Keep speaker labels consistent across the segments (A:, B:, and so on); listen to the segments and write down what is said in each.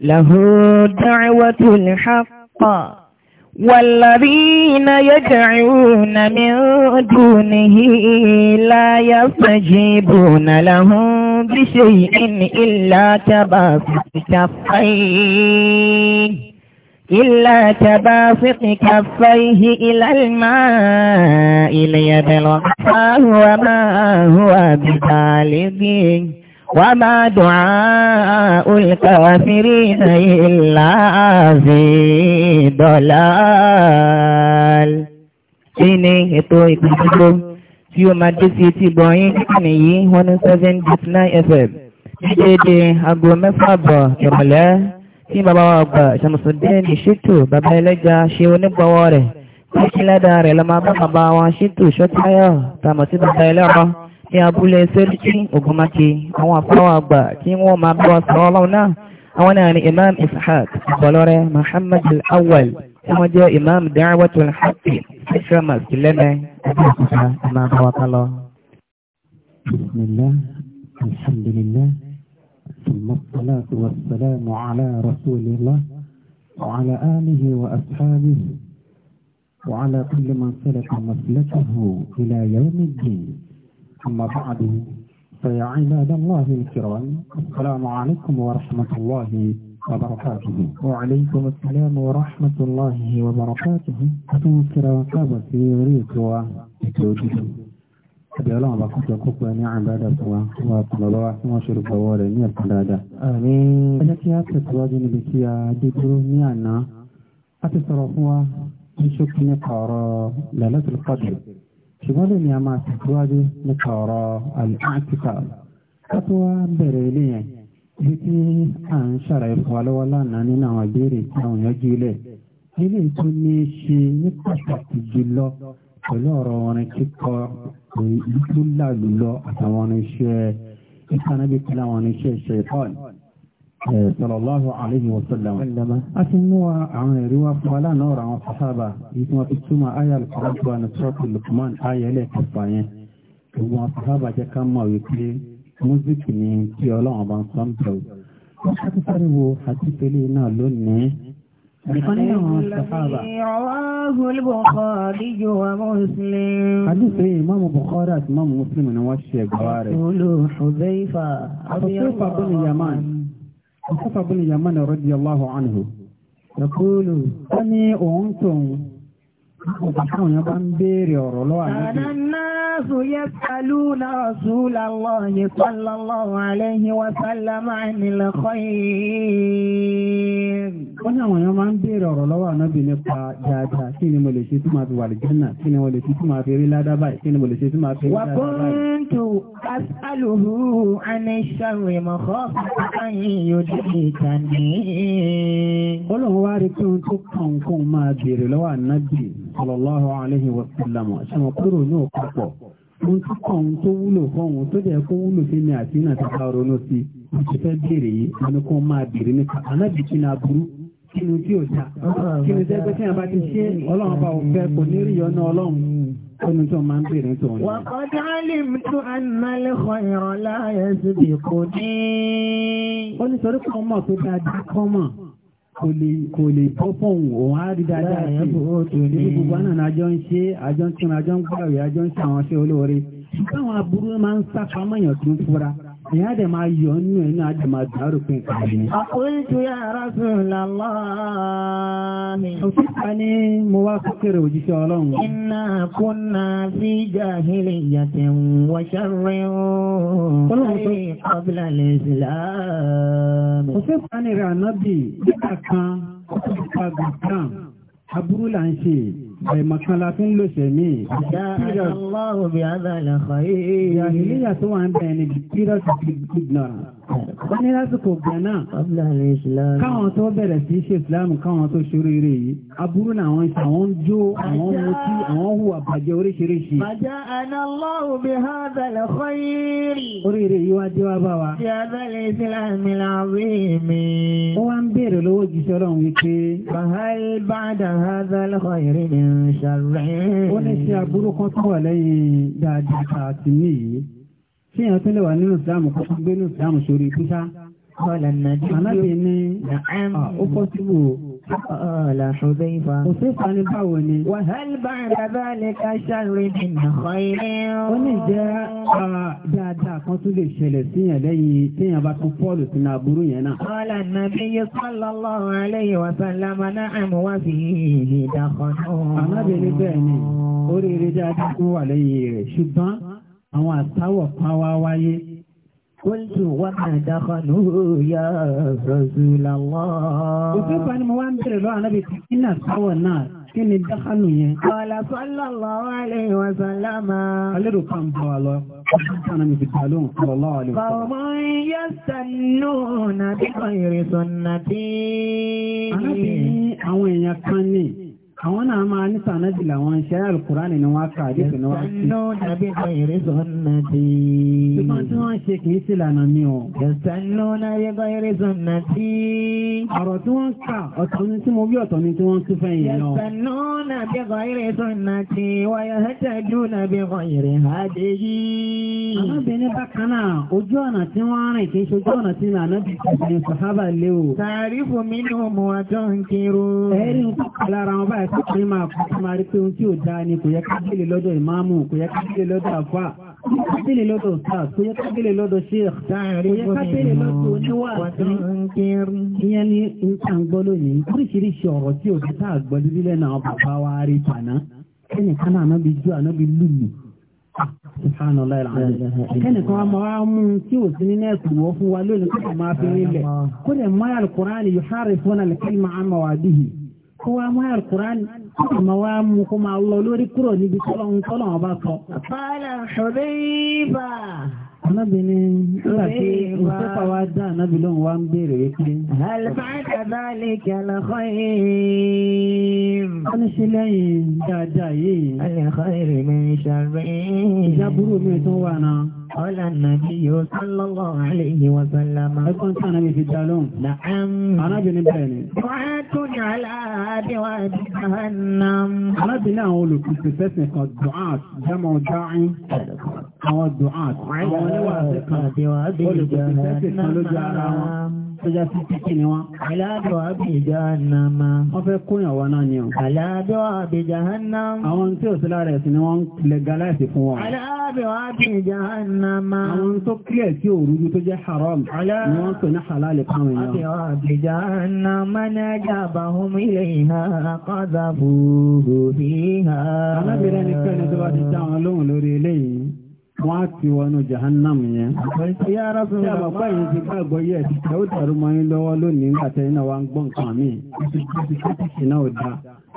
A: له دعوة الحق والذين يدعون من دونه لا يستجيبون لهم بشيء إلا كباسط كفيه إلا كباسط كفيه إلى الماء ليبلغ فهو ما هو بخالقه Wa ma du'a'ul kafirina illa fi dalal. Ini ni ètò ìdúgbò tí ó máa dé sí etí bọ̀yìn nìyí 107.9 FM? Dédé aago mẹ́fà bọ̀ ìrọ̀lẹ́ tí bàbá wa gbà Ṣàmùsùdín ní ṣètò bàbá ẹlẹ́ja ṣe onígbọ̀wọ́ rẹ̀. Kí lẹ́dà rẹ̀ lọ máa bá bàbá wa ṣètò ṣọ́táyọ̀ tàmọ̀ sí bàbá ní abúlé sẹ́ríkí ogunmáke àwọn àfáwà àgbà tí wọ́n máa bá wa sọ ọlọ́run náà àwọn náà ni imam ishaq ìbọ̀lọ́rẹ́ muhammad al-awwal tí wọ́n jẹ́ imam da'watul
B: haqqi sẹ́ṣọ́ màsí lẹ́mẹ́
A: ẹgbẹ́ òkúta ọmọ àbáwá kálọ́.
B: bismillah alhamdulillah ثم الصلاة والسلام على رسول الله وعلى آله وأصحابه وعلى كل من سلك مسلكه إلى يوم الدين أما بعد فيا عباد الله الكرام السلام عليكم ورحمة الله وبركاته وعليكم السلام ورحمة الله وبركاته أتنكر كابتي ريكوا إتوجد àbí ọlọ́run bá kó jọ kó pẹ́ ní àbádà tó wá tó wá tó lọ́wọ́ tí wọ́n ṣerú fọwọ́ rẹ̀ ní ẹ̀kọ́ dáadáa. àmín. ẹjẹ́ kí a tẹ̀síwájú níbi tí a dé dúró ní àná a ti sọ̀rọ̀ fún wa ní ṣókí nípa ọ̀rọ̀ lẹ́lẹ́tìlú pàdé ṣùgbọ́n lè ní a máa tẹ̀síwájú nípa ọ̀rọ̀ àtìkà ká tó wá bẹ̀rẹ̀ ilé yẹn ibi tí à ń ṣàlàyé fún wa lọ́wọ́ lánàá nínú àwọn ìbéèrè tí àwọn èèyàn jú ilẹ̀ nílé tó ní í ṣe ní pàtàkì jùlọ pẹ̀lú ọ̀rọ̀ orin kíkọ ìlú lálùlọ àtàwọn iṣẹ́ ìkànnì bí pẹ̀lú àwọn iṣẹ́ ìṣẹ́ ìfọ́ọ̀nì sallallahu alayhi wa sallam a ti mú wa àwọn ẹ̀rí wa fún aláàánú ọ̀rọ̀ àwọn sàhábà yìí tí wọ́n fi túmọ̀ ayé alùpàdùwà ní sọ́ọ̀tù Luqman ayé ẹlẹ́kẹfà yẹn gbogbo àwọn sàhábà jẹ́ ká mọ̀ wípé múzíkì ni tí ọlọ́run bá ń sọ ń bẹ̀rù wọ́n ṣáàtú sáré wo àtìpélé náà lónìí nìkan Bukhari àti ìmáàmù Muslim ni wọ́n ṣe ẹ̀gbọ́n rẹ̀. Olùhùzẹ́ifà. Àbúrò Fàbọ́nì Yaman. Mùsùlùmí Yamani radiyallahu anhu. Yaqulu, ó ní òun tòun Ọ̀pọ̀ àwọn èèyàn bá ń béèrè ọ̀rọ̀ lọ́wọ́ àníkì. Àdánáàsù yẹ́ sàlú náà súlà lọ́yẹ sọ́lọ́lọ́wọ́ àlẹ́yìn wa sálámà nílẹ̀kọ́ yìí. Ó ní àwọn èèyàn máa ń béèrè ọ̀rọ̀ lọ́wọ́ ànábì nípa dáadáa kí ni mo lè ṣe tí máa fi wà lìjánà kí ni mo lè ṣe tí máa fi rí ládàbà kí ni mo lè ṣe tí máa fi rí ládàbà. Wàkúntù
A: asálùhù
B: sallallahu alaihi wa sallam ṣàmọ̀ kúrò ní òpapọ̀ mo ń túkọ̀ ohun tó wúlò fọ́hun tó jẹ́ kó wúlò sí mi àti iná tàbá ronú sí mo ti fẹ́ béèrè yìí mo ní kó máa béèrè nípa anábì kí ni aburú kí ni tí ò ta kí ni jẹ́ tí a bá ti ṣe ọlọ́run bá ò fẹ́ kò ní rí ọ̀nà ọlọ́run Ẹni tó máa ń bèèrè tó ń lọ. Wàkọ́
A: dálìm tó
B: kọ ìrọ̀lá ẹ̀sìn bí kò ní. Ó ní sọ́rí kò lè kò lè òun á rí dáadáa sí ibi gbogbo àná àjọ ń ṣe àjọ ń tún àjọ ń gbàwé àjọ ń ṣe àwọn ṣe olóore báwọn aburú máa ń sáfà mọ̀yàn tó ń fura ìyá dẹ̀ máa yọ nínú ẹ̀ náà máa dàrú pé nǹkan ya Rasulullah. òkúta ni mo wá kókèrè
A: òjíṣẹ́ ọlọ́run. inna kunna fi jahiliyyatin wa sharrin.
B: al-Islam kò sí ìpánirẹ̀ ànábì nígbà kan ọkọ̀ gbàgbà aburú là ń ṣe àìmọ̀kan la fi ń lò sẹ́mi. ìyá aláwọ̀ bí adàlẹ̀ kọ́ yìí. ìyá ìlú yàtọ̀ wà ń bẹ̀rẹ̀ níbi period of ignorance wọ́n ní lásìkò gánà káwọn tó bẹ̀rẹ̀ sí ṣe islam káwọn tó ṣòro eré yìí aburú náà àwọn ìṣe àwọn ń jó àwọn mutí àwọn hùwà bàjẹ́ oríṣiríṣi. bàjẹ́
A: anallahu bi hadhal khayri. oríire yìí wá dé wá bá wa. ti abẹ́lẹ̀
B: ìsìlámi làwíìmí kí èèyàn tún lè wà nínú ìsìlámù kó tún gbé nínú ìsìlámù sórí ìpínká. Ọ̀là nàdí alábì ní ah, ó pọ́sibù ọ̀là ṣọ̀bẹ́ ìfà. Kò sí ìfani báwo ni. Wàhálì bá àdàbà lè ká ṣàrè nìyàn kọ́ ilé. Ó ní jẹ́ ah, dáadáa kan tún lè ṣẹlẹ̀ síyàn lẹ́yìn téèyàn bá tún pọ́ọ̀lù sínú aburú yẹn náà.
A: Ọ̀là nàbí
B: àwọn àtàwọ̀ kan wá wáyé Kúntù wà dákọ̀lú yá Rasulullah. Òṣèpá ni mo wá ń bèèrè lọ́wọ́ anábì kí ní àtàwọ̀ náà kí ni dákọ̀lù yẹn. Qala sallallahu alayhi wa sallama. Alérò kan bọ̀ wá lọ. Ọdún kan mi fi ta lóhùn sallallahu alayhi wa sallam. Qawmun yastannuna bi ghayri sunnati. Anábì ní àwọn èèyàn kan ní àwọn náà máa ní sànájì làwọn iṣẹ́ alukurani ni wọ́n kà àdé ìpinnu wá sí. ẹ̀sánú nàbí kan ìrẹsọ̀ nàdí. ṣùgbọ́n tí wọ́n ṣe kì í sí tí wọ́n bí ọ̀tọ̀ ni tí wọ́n tún fẹ́ yẹn lọ.
A: ẹ̀sánú nàbí kan ìrẹsọ̀ nàdí wáyà hẹ́tẹ̀jú nàbí
B: sí pé máa fún kí máa rí pé ohun tí ò dáa ni kò yẹ ká gbélé lọ́dọ̀ ìmáàmù kò yẹ ká gbélé lọ́dọ̀ àfà kò yẹ ká gbélé lọ́dọ̀ stars kò yẹ ká gbélé lọ́dọ̀ sheikh kò yẹ ká gbélé lọ́dọ̀ oníwàásí ìyẹn ní nǹkan ń gbọ́ lónìí oríṣiríṣi ọ̀rọ̀ tí òkè tá a gbọ́ lílẹ̀ náà bàbá wa rí tàná kẹ́nìkan náà náà bí ju àná bí wa máa mú tí ò sí nínú ẹ̀sùn wọ́ fún wa lónìí kó máa fi nílẹ̀. Kó lè máa al-Qur'ani yuharrifuna al-kalima amma wadihi kó mu mú àlùkùránì àmọ́ wá mú kó máa lọ lórí Ni bi tọ́lọ́hún tọ́lọ́hún bá sọ. Fọ́lá
A: ṣòbíbà.
B: Anábìnrin nígbà tí òṣèpá wa dá ànábì lóhùn wá ń béèrè wípé.
A: Àlùfáà kàdá ṣe lẹ́yìn dáadáa yìí. Alẹ́kọ́ èrè mi ń ṣàrẹ́. Ìjábúrò mi tó wà náà. Ọlá nàbí yóò sálọ́lọ́ àlẹ́yìn wa sálámà. Ẹgbọ́n tí àná fi dá lóhùn. Nàám.
B: Arábìnrin bẹ̀rẹ̀ ni. Wọ́n tún ní aláàdéwà jahannam. Arábìnrin àwọn olùkùsù fẹ́sẹ̀ kan dùnát jámọ̀ dáín. Àwọn dùnát. Àwọn oníwà sójá sí títí ni wọ́n. Aláàdọ̀ àbíjà nàmà. Wọ́n fẹ́ kóyàn wa náà ni o. Aláàdọ̀ àbíjà nàmà. Àwọn tí ò sí lára ẹ̀sìn ni wọ́n legalize fún wọn. Aláàdọ̀ àbíjà nàmà. Àwọn tó kílẹ̀ tí ò rújú tó jẹ́ haram ni wọ́n pè ní halal fáwọn èèyàn. Aláàdọ̀ àbíjà nàmà ní ajá bá hum ilé ìhà kọ́dà bùrù ìhà. Alábìrin ẹnikẹ́ni tó bá ti wọ́n á ti wọnú jahannam yẹn. ìyá ara sọ wọn bàbá yìí ti gbàgbọ́ yẹ ẹ ó dàrú mọ́ yín lọ́wọ́ lónìí nígbà tẹ́yìn náà wá ń gbọ́ nǹkan mi. àti gbọ́sí kátìkì náà ò da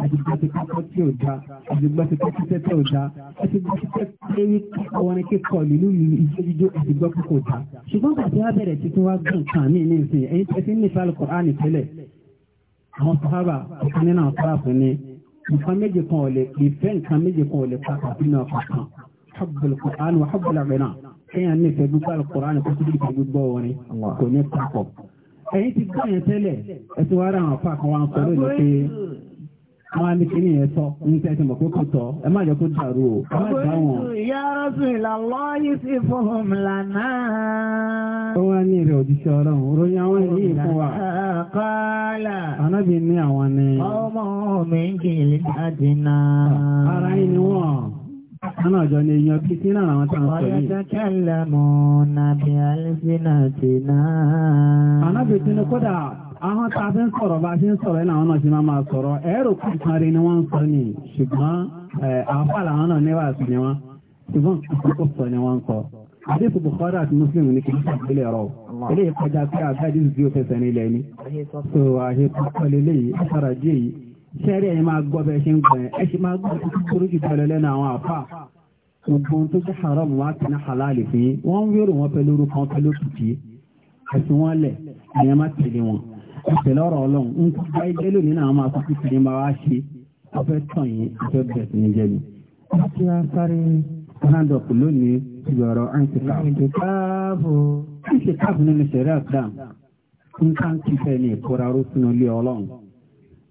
B: àti gbọ́sí kátìkì ò da àti gbọ́sí kátìkì ò da àti gbọ́sí kátìkì wọn ni kíkọ́ lílù ìjọ́jíjọ́ àti gbọ́ kókò da. ṣùgbọ́n bàtí wá bẹ̀rẹ̀ títún wá gbọ́ nǹkan mi ní ìsìn ẹ̀yin ní ni nǹkan méje kan ò lè ìfẹ́ habbul Qur'an wa habbul àgbẹ̀nà kéèyàn nífẹ̀ẹ́ gbígbà Qur'an kó tó dìbò gbígbọ́ orin kò ní papọ̀. ẹ̀yin ti gbọ́ yẹn tẹ́lẹ̀ ẹ̀sìn wa ràn fà kan wọn sọ̀rọ̀ ní pé àwọn amikini yẹn sọ ní tẹ́ ti mọ̀ pé kò tọ́ ẹ má jẹ́ kó dàrú o ẹ má dá wọn.
A: ya Rasulallahi sifuhum
B: lana. ó wá ní ìrẹ̀ òjíṣẹ́ ọlọ́run ròyìn àwọn èyí fún wa. kọ́lá. anábì ní àwọn ni. ọmọ mi ń kiri jáde náà. ara yín ni wọ́n. Àwọn àjọ ni èèyàn bí sí náà àwọn tàà sọ yìí. Ọ̀yọ́ kẹ́lẹ̀
A: mọ̀ nàbí Alẹ́sínà ti náà. Ànábì tí ni kódà
B: àwọn tàà fi ń sọ̀rọ̀ bá fi ń sọ̀rọ̀ ẹ̀ àwọn náà ti máa máa sọ̀rọ̀. Ẹ̀rọ kù kan rí ni wọ́n ń sọ ni ṣùgbọ́n àáfà làwọn náà níwà sí ni wọ́n. Ṣùgbọ́n kò sọ ni wọ́n ń sọ. Àdéhùn Bukhari àti Muslim ni kì í ṣàgbélé ọ̀rọ̀. Ilé ìkọjá pé àgbáyé sẹ́rí ẹ̀yìn máa gbọ́ bẹ́ẹ̀ ṣe ń gbọ́ ẹ̀ ṣe máa gbọ́ títí kúrú jù bẹ̀rẹ̀ àwọn àfà gbogbo tó jẹ́ haram wá ti ní halali fún yín wọ́n ń wérò wọn pẹ̀lú orúkọ wọn pẹ̀lú òkìkí ẹ̀sìn wọn lẹ̀ ẹ̀yìn máa tẹ̀lé wọn ìṣẹ̀lẹ̀ ọ̀rọ̀ ọlọ́run ń kú bá ẹgbẹ́ lónìí náà máa kúkú ti ní máa wá ṣe afẹ́ tàn yín afẹ́ bẹ̀rẹ̀ sí ní jẹ́ mi. wọ́n ti wá sáré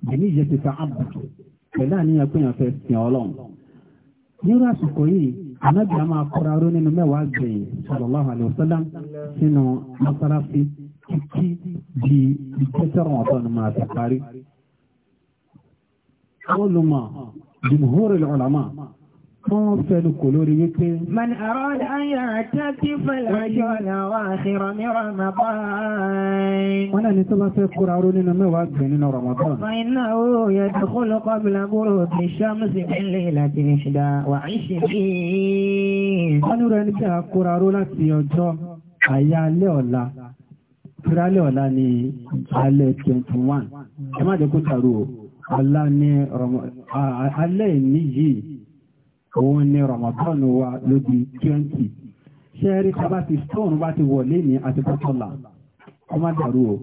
B: bẹ̀ni yẹ ti ta àbùtù pẹ̀lú àníyàn pé yàn fẹ́ sìn ọlọ́run. nírú àsìkò yìí anábì a máa kọ́ra ró nínú mẹ́wàá gbẹ̀yìn sallallahu alaihi wasallam sínú mọ́sálásí títí di ìjẹ́sẹ̀rọ̀ ọ̀dọ́ ni máa fi parí. àwọn olùmọ̀ jumhurul ulama Wọ́n fẹ́nu kò lórí wípé. Man àrọ́dá ayà àtàkì
A: fẹ́lẹ̀jọ́ làwọ́ àṣírọ ní Ramadan.
B: Wọ́n náà ni tó bá fẹ́ kóra oró nínú mẹ́wàá gbẹ̀ nínú Ramadan.
A: Fàínà ó yẹ dùkúlù kọbìlà gúrò bí ṣọ́mùsì
B: ilé láti ìṣìdá wà ìṣì bí. Wọ́n ní rẹ̀ ní bí oró láti ọjọ́ àyálẹ́ ọ̀la. Tírálẹ̀ ọ̀la ni alẹ́ 21. Ẹ má jẹ́ kó tàrú ọ̀la ni alẹ́ ìní yìí òun ni Ramadan wa ló di twenty ṣé rí sábà ti tóun bá ti wọlé ní àti bọ́tọ́là ọmọ dàrú o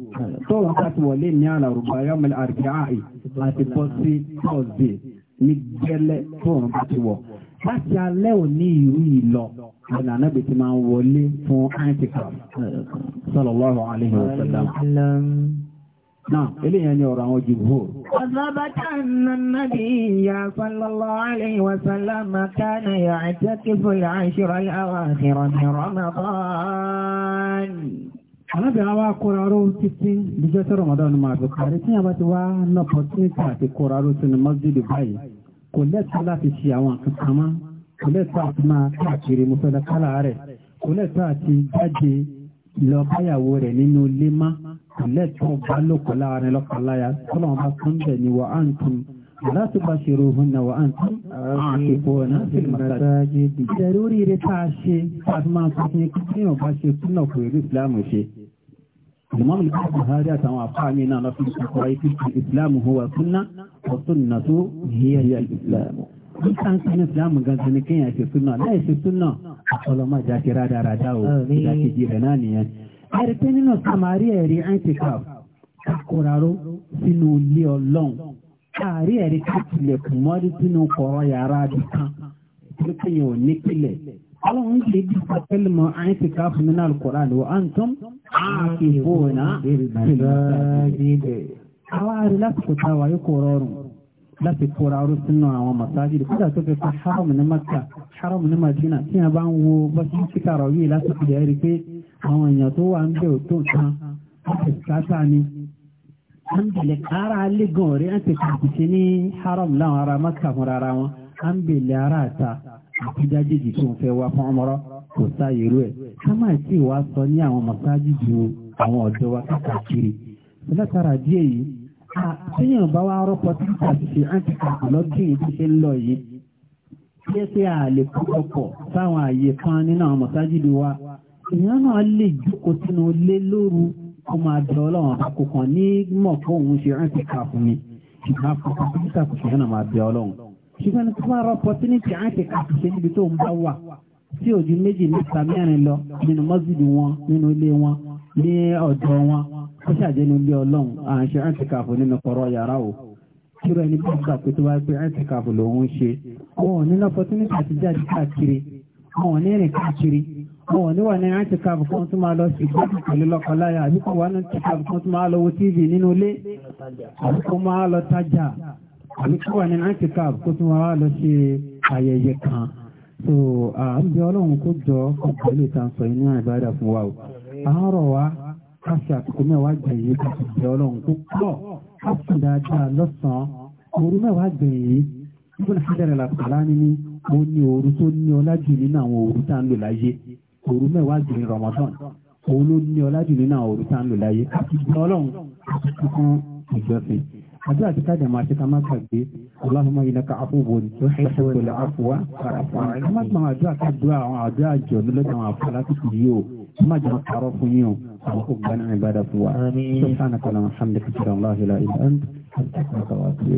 B: tóun bá ti wọlé ní àlàrúbá yọmọlẹ àrùbáì àti bọ́sí tọ́sí ní gẹ́lẹ́ tóun bá ti wọ̀ láti alẹ́ òní ìrú ìlọ ọ̀nà anábì ti máa wọlé fún antikram sallallahu alayhi wa sallam. Náà, eléyàn ni ọ̀rọ̀ àwọn jùbúhò.
A: Ọ̀zọ́bátà nàbí ya sallallahu alaihi wa sallam kana ya àtẹ́kẹ́fò ya àṣírọ̀ yàwà àṣírọ̀ ní
B: Ramadan. Alábìnrin wa kóra ró títí díjọ́ tí Ramadan máa fi kárí tí yàbá ti wá lọ́pọ̀ tí ní tààtì kóra ró sínú mọ́sídìí báyìí. Kò lẹ́tọ̀ọ́ láti ṣe àwọn kankan Kò lẹ́tọ̀ọ́ àti máa káàkiri mọ́sọ́dá kálá rẹ̀. Kò lẹ́tọ̀ọ́ àti jáde lọ báyàwó rẹ̀ nínú ilé máa kọ̀lẹ́tọ̀ balókọ̀ láàrin lọ́kọ̀láyà tọ́lọ́wọ́n bá tún bẹ̀ ni wà á ń tún láti bá ṣe rohun náà wà á ń tún àtìkò náà sí màsáàjì ìjẹ̀rí oríire tá a ṣe láti máa tún fún ikú tí yóò bá ṣe súnà kò rí ìsìláàmù ṣe. ìmọ̀mù ní bá Buhari àtàwọn àfáà mi náà lọ́fi ìkọ̀ ikú tí ìsìláàmù huwa súnà ọ̀tún nà tó hiya ìsìláàmù. bí sáńsì ní ìsìláàmù gangan ni kéèyàn ṣe súnà láì ṣe súnà ọlọ́mọ ẹ̀rí pé nínú sàmárì ẹ̀rí antikaf kakùràró sínú ilé ọlọ́run káàrí ẹ̀rí kàtìlẹ̀kùn mọ́rí sínú kọ̀rọ̀ yàrá àbí kan tó kéye ò ní pilẹ̀ ọlọ́run ń lè bí pàtẹ́lì mọ́ antikaf nínú alukóran wa antum àkìfóònà àwọn àrí lásìkò táwa yóò kó rọrùn láti kóra ọrú sínú àwọn masajid kódà tó fi fa haram ní Maka haram ní Madina tí a bá ń wo bá ti ń yìí lásìkò yẹn rí pé àwọn èèyàn tó wà ń bẹ̀ ò tó nǹkan láti sáta ni a ń bèlè ara lẹ́gàn ọ̀rẹ́ àti kàkùsí ní haram láwọn ará maka fúnra ara wọn a ń bèlè ara àta àtijọ́ jìjì tó ń fẹ́ wá fún ọmọ kò sáyé rú ẹ̀ ká má sì wá sọ ní àwọn mọ̀sáájì ju àwọn ọ̀dọ́ wa káàkiri látara díẹ̀ yìí àtúnyàn bá wá rọ́pọ̀ tí kò ṣe àǹtíkàkù lọ́dún yìí tó ṣe ń lọ yìí ṣé pé a lè kó ọkọ̀ sáwọn àyè kan nínú àwọn mọ̀sáájì wa èèyàn náà lè jókòó sínú ilé lóru kó máa dọ̀ ọlọ́run àkókò kan ní mọ̀ kó òun ṣe rántí ká fún mi ṣùgbọ́n àkókò títà kò ṣe náà máa bẹ ọlọ́run ṣùgbọ́n ní kí wọ́n rọ opportunity rántí ká fún ṣe níbi tó ń bá wà tí òjú méjì mẹ́ta mẹ́rin lọ nínú mọ́sídì wọn nínú ilé wọn ní ọ̀dọ̀ wọn ó ṣàjẹ́nu ilé ọlọ́run à ń ṣe rántí ká fún nínú kọ̀rọ̀ yàrá o kíro ẹni bí ìgbà pé tó wáyé pé rántí ká fún lòun ṣe wọn ò ní opportunity àti jáde káàkiri wọn ò ní rìn káàkiri àwọn òní wà ní àǹtí káàbù kan tó máa lọ sí ìgbésùn pẹ̀lú lọ́kọláya àbí kò wà ní àǹtí káàbù kan tó máa lọ wo tv nínú ilé àbí kò máa lọ tajà àbí wà ní àǹtí káàbù kó tó máa lọ ṣe ayẹyẹ kan so à ń bẹ ọlọ́run kó jọ kó pẹ̀lú ìtànsọ inú àìbáradà fún wa o àárọ̀ wa ká ṣe àtìkú mẹ́wàá gbẹ̀yìn ká sì bẹ ọlọ́run kó pọ̀ ká sùn dáadáa lọ́sàn-án òru mẹ́wàá gbẹ̀yìn ní ní mo ní òru tó ní ọlá jù nínú àwọn òru tá à ń lò láyé òru mẹ́wàá jìnnì Ramadan òun ló ní ọlájú nínú àwọn òru tá ń lò láyé àtijọ́ ọlọ́run fún ìjọsìn àjọ àti kájà máa ṣe ká má gbàgbé Allahumma innaka afuwwun tuhibbul afwa ká má gbọ́n àjọ àkájọ àwọn àjọ àjọ nílọ́jà àwọn àfọ lásìkò yìí o ká má jẹun àárọ̀ fún yín o àwọn kò gbaná ìbádà fún wa. sọ́kànnà kọ́lá muhammed kìtìrọ̀ allah ilà ilà ẹ̀ ń tẹ̀sán kọ́lá tó yẹ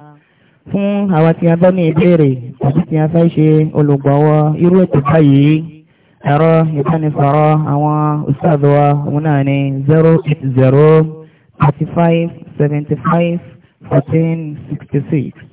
A: fún àwa tí a bá ní ìbéèrè àti tí a fẹ́ ṣe olùgbọ̀wọ́ irú ètò báyìí ẹ̀rọ ìbánisọ̀rọ̀ àwọn ustaz wa òun náà ni 080 35 75 14 66